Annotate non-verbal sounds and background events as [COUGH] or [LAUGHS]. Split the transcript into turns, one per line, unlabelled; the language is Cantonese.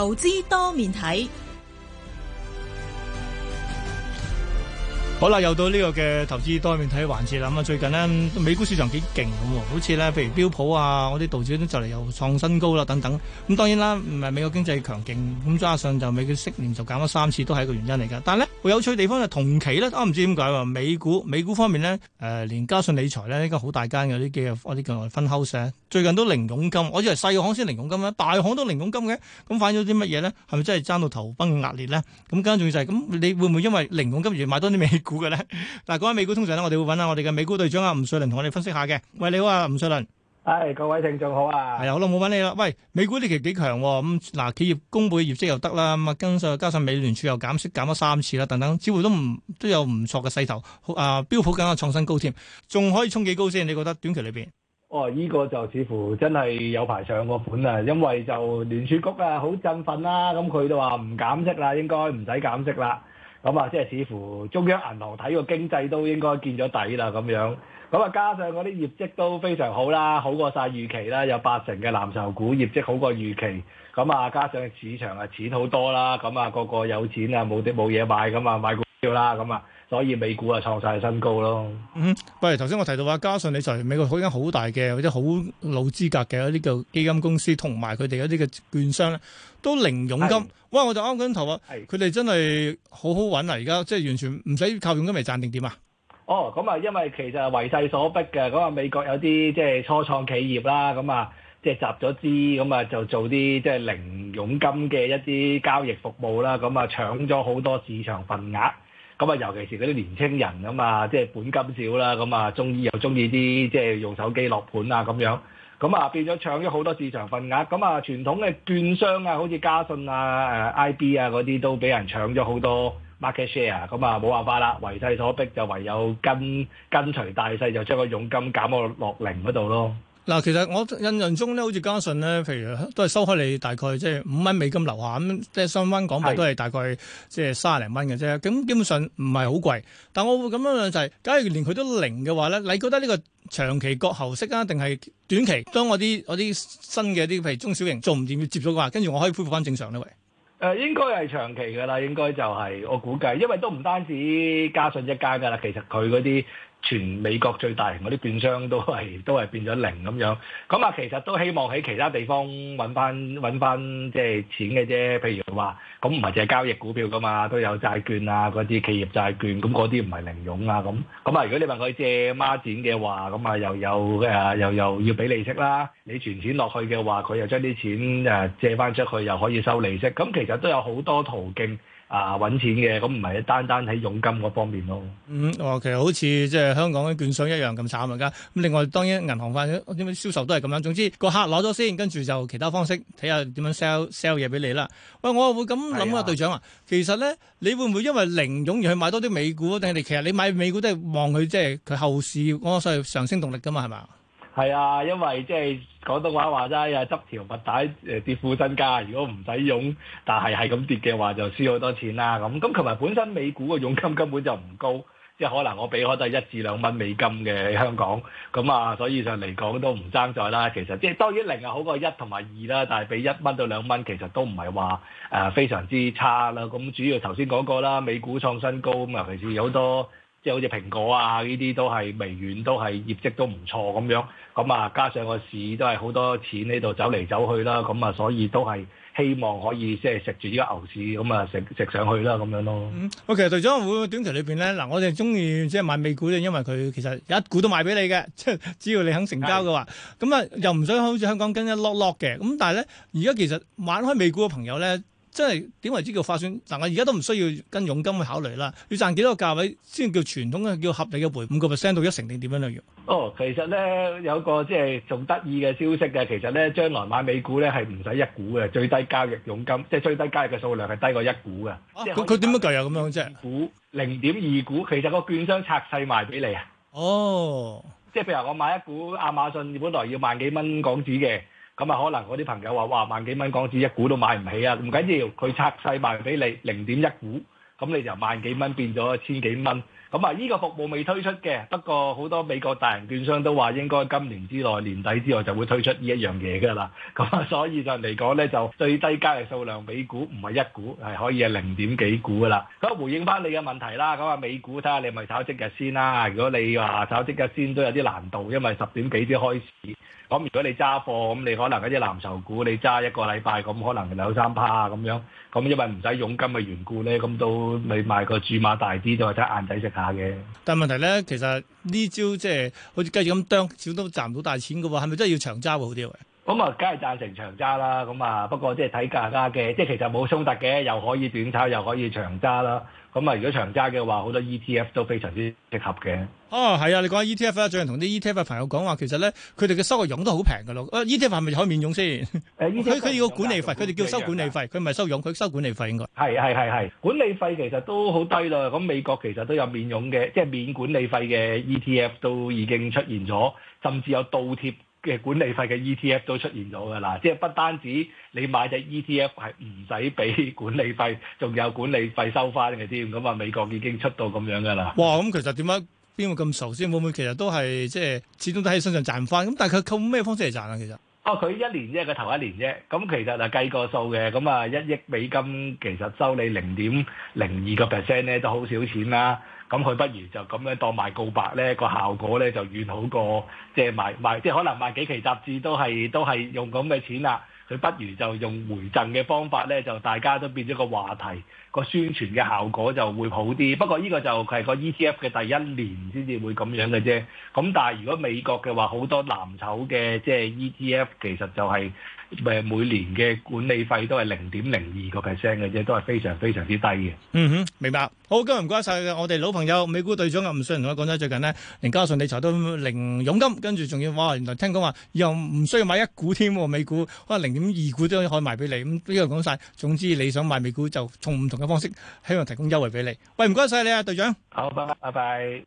投資多面睇。好啦，又到呢個嘅投資多面睇嘅環節啦。咁啊，最近呢，美股市場幾勁咁喎，好似呢，譬如標普啊，我啲道指就嚟又創新高啦，等等。咁、嗯、當然啦，唔係美國經濟強勁，咁、嗯、加上就美國息年就減咗三次，都係一個原因嚟㗎。但係呢，好有趣嘅地方就同期咧，我、啊、唔知點解話美股美股方面呢，誒、呃、連嘉信理財呢，應該好大間嘅啲幾啊，啲叫嚟分溝社，最近都零佣金，我以為細行先零佣金啦，大行都零佣金嘅，咁反映咗啲乜嘢呢？係咪真係爭到頭崩嘅額裂咧？咁更加重要就係咁，你會唔會因為零佣金而買多啲美股？股嘅咧，嗱講下美股，通常咧我哋會揾下我哋嘅美股隊長啊吳瑞麟同我哋分析下嘅。喂，你好啊，吳瑞麟。
係，各位聽眾好啊。
係啊，好耐冇揾你啦。喂，美股呢期幾強咁嗱，企業公布嘅業績又得啦，咁啊加上加上美聯儲又減息減咗三次啦，等等，似乎都唔都有唔錯嘅勢頭。啊，標普更加創新高添，仲可以衝幾高先？你覺得短期裡邊？
哦，依個就似乎真係有排上個盤啊，因為就聯儲局啊好振奮啦，咁佢都話唔減息啦，應該唔使減息啦。咁啊，即係似乎中央銀行睇個經濟都應該見咗底啦咁樣。咁啊，加上嗰啲業績都非常好啦，好過晒預期啦，有八成嘅藍籌股業績好過預期。咁啊，加上市場啊錢好多啦，咁、那、啊個個有錢啊冇啲冇嘢買。咁啊買股叫啦咁啊，所以美股啊創晒新高咯。嗯，
不如頭先我提到話，加上你隨美國好間好大嘅或者好老資格嘅一啲嘅基金公司，同埋佢哋一啲嘅券商咧，都零佣金。哇是，我就啱跟頭話，佢哋是真係好好揾啊！而家即係完全唔使靠佣金嚟賺定點啊？
哦，咁啊，因為其實為勢所逼嘅，咁啊，美國有啲即係初創企業啦，咁啊，即係集咗資，咁啊就做啲即係零佣金嘅一啲交易服務啦，咁啊搶咗好多市場份額。咁啊，尤其是嗰啲年青人啊嘛，即係本金少啦，咁啊，中意又中意啲即係用手機落盤啊咁樣，咁啊變咗搶咗好多市場份額，咁啊傳統嘅券商啊，好似嘉信啊、誒 IB 啊嗰啲都俾人搶咗好多 market share，咁啊冇辦法啦，為勢所逼就唯有跟跟隨大勢，就將個佣金減到落零嗰度咯。
嗱，其實我印象中咧，好似嘉信咧，譬如都係收開你大概即係五蚊美金樓下，咁即係相翻港幣都係大概即係三十零蚊嘅啫。咁基本上唔係好貴。但我會咁樣問就係、是，假如連佢都零嘅話咧，你覺得呢個長期割喉式啊，定係短期？當我啲啲新嘅啲譬如中小型做唔掂接咗嘅話，跟住我可以恢復翻正常呢喂？
誒、呃，應該係長期㗎啦，應該就係、是、我估計，因為都唔單止嘉信一家㗎啦，其實佢嗰啲。全美國最大型嗰啲券商都係都係變咗零咁樣，咁啊其實都希望喺其他地方揾翻揾翻即係錢嘅啫。譬如話，咁唔係淨係交易股票㗎嘛，都有債券啊嗰啲企業債券，咁嗰啲唔係零佣啊咁。咁啊如果你問佢借孖展嘅話，咁啊又又誒又又要俾利息啦。你存錢落去嘅話，佢又將啲錢誒借翻出去又可以收利息。咁其實都有好多途徑啊揾錢嘅，咁唔係單單喺佣金嗰方面咯。
嗯，哦其實好似即係。香港啲券商一樣咁慘㗎，咁另外當然銀行化嘅點樣銷售都係咁樣。總之個客攞咗先，跟住就其他方式睇下點樣 sell sell 嘢俾你啦。喂，我又會咁諗啊，隊長啊，其實咧，你會唔會因為零佣而去買多啲美股？定係其實你買美股都係望佢即係佢後市嗰個上上升動力㗎嘛？係咪啊？
係啊，因為即係廣東話話齋啊，執條襪帶誒跌副身家。如果唔使佣，但係係咁跌嘅話，就輸好多錢啦。咁咁同埋本身美股嘅佣金根本就唔高。即係可能我俾開都係一至兩蚊美金嘅香港，咁啊，所以上嚟講都唔爭在啦。其實即係當然零係好過一，同埋二啦，但係俾一蚊到兩蚊，其實都唔係話誒非常之差啦。咁主要頭先講過啦，美股創新高，咁尤其是有好多即係好似蘋果啊呢啲都係微軟都係業績都唔錯咁樣，咁啊加上個市都係好多錢喺度走嚟走去啦，咁啊所以都係。希望可以即係食住呢個牛市咁啊，食食上去啦咁樣咯。嗯，
我其實隊長會短期裏邊咧，嗱，我哋中意即係買美股咧，因為佢其實有一股都賣俾你嘅，即 [LAUGHS] 係只要你肯成交嘅話，咁啊又唔想好似香港跟一落落嘅。咁但係咧，而家其實玩開美股嘅朋友咧。即係點為之叫划算？但我而家都唔需要跟佣金去考慮啦。要賺幾多個價位先叫傳統嘅叫合理嘅回五個 percent 到一成定點樣嚟用？
哦，其實咧有個即係仲得意嘅消息嘅，其實咧將來買美股咧係唔使一股嘅，最低交易佣金即係最低交易嘅數量係低過一股嘅。咁佢點樣計啊？咁、啊、樣啫？股零點二股，其實個券商拆細賣俾你啊。哦，即係譬如我買一股亞馬遜，本來要萬幾蚊港紙嘅。咁啊，可能我啲朋友話：「哇，萬幾蚊港紙一股都買唔起啊！」唔緊要，佢拆細賣俾你零點一股，咁你就萬幾蚊變咗千幾蚊。咁啊，依個服務未推出嘅，不過好多美國大型券商都話應該今年之內、年底之後就會推出依一樣嘢㗎啦。咁啊，所以就嚟講咧，就最低交易數量美股唔係一股，係可以係零點幾股㗎啦。咁回應翻你嘅問題啦，咁啊，美股睇下你係咪炒即日先啦。如果你話炒即日先都有啲難度，因為十點幾先開始。咁如果你揸貨，咁你可能一啲藍籌股，你揸一個禮拜，咁可能兩三趴咁樣。咁因為唔使佣金嘅緣故咧，咁到你買個注碼大啲，就睇眼仔食下。
但問題呢，其實呢招即係好似雞咁啄，少都賺唔到大錢嘅喎。哦，係咪真係要長揸會好啲？
咁啊，梗係贊成長揸啦。咁啊，不過即係睇價格嘅，即係其實冇衝突嘅，又可以短炒，又可以長揸啦。咁啊，如果長揸嘅話，好多 ETF 都非常之適合嘅。
哦，係啊，你講下 ETF 啊。最近同啲 ETF 嘅朋友講話，其實咧，佢哋嘅收費佣都好平㗎咯。啊、ETF 係咪可以免佣先？誒、啊，佢佢 [LAUGHS] 要管理費，佢哋叫收管理費，佢唔係收佣，佢收管理費應該係係係係管理費其實都好低啦。咁美國其實都有免佣
嘅，即係免管理費嘅 ETF 都已經出現咗，甚至有倒貼。嘅管理費嘅 ETF 都出現咗㗎啦，即係不單止你買隻 ETF 係唔使俾管理費，仲有管理費收翻嘅添，咁啊美國已經出到咁樣㗎啦。哇！
咁其實點解邊個咁傻先？會唔會其實都係即係始終都喺身上賺唔翻？咁但係佢靠咩方式嚟賺啊、哦？其實
哦，佢一年啫，佢頭一年啫，咁其實啊計個數嘅，咁啊一億美金其實收你零點零二個 percent 咧，都好少錢啦。咁佢不如就咁樣當賣告白呢，個效果呢，就遠好過即係賣賣，即係可能賣幾期雜誌都係都係用咁嘅錢啦。佢不如就用回贈嘅方法呢，就大家都變咗個話題，個宣傳嘅效果就會好啲。不過呢個就係個 E T F 嘅第一年先至會咁樣嘅啫。咁但係如果美國嘅話，好多藍籌嘅即係 E T F 其實就係、是。誒，每年嘅管理費都係零點零二個 percent 嘅啫，都係非常非常之低嘅。
嗯哼，明白。好，今日唔該晒嘅我哋老朋友美股隊長啊，吳瑞麟同我講咗最近呢，連嘉信理財都零佣金，跟住仲要哇，原來聽講話又唔需要買一股添，美股可能零點二股都可以開賣俾你。咁呢樣講晒，總之你想買美股就從唔同嘅方式希望提供優惠俾你。喂，唔該晒你啊，隊長。好，拜拜，拜，拜。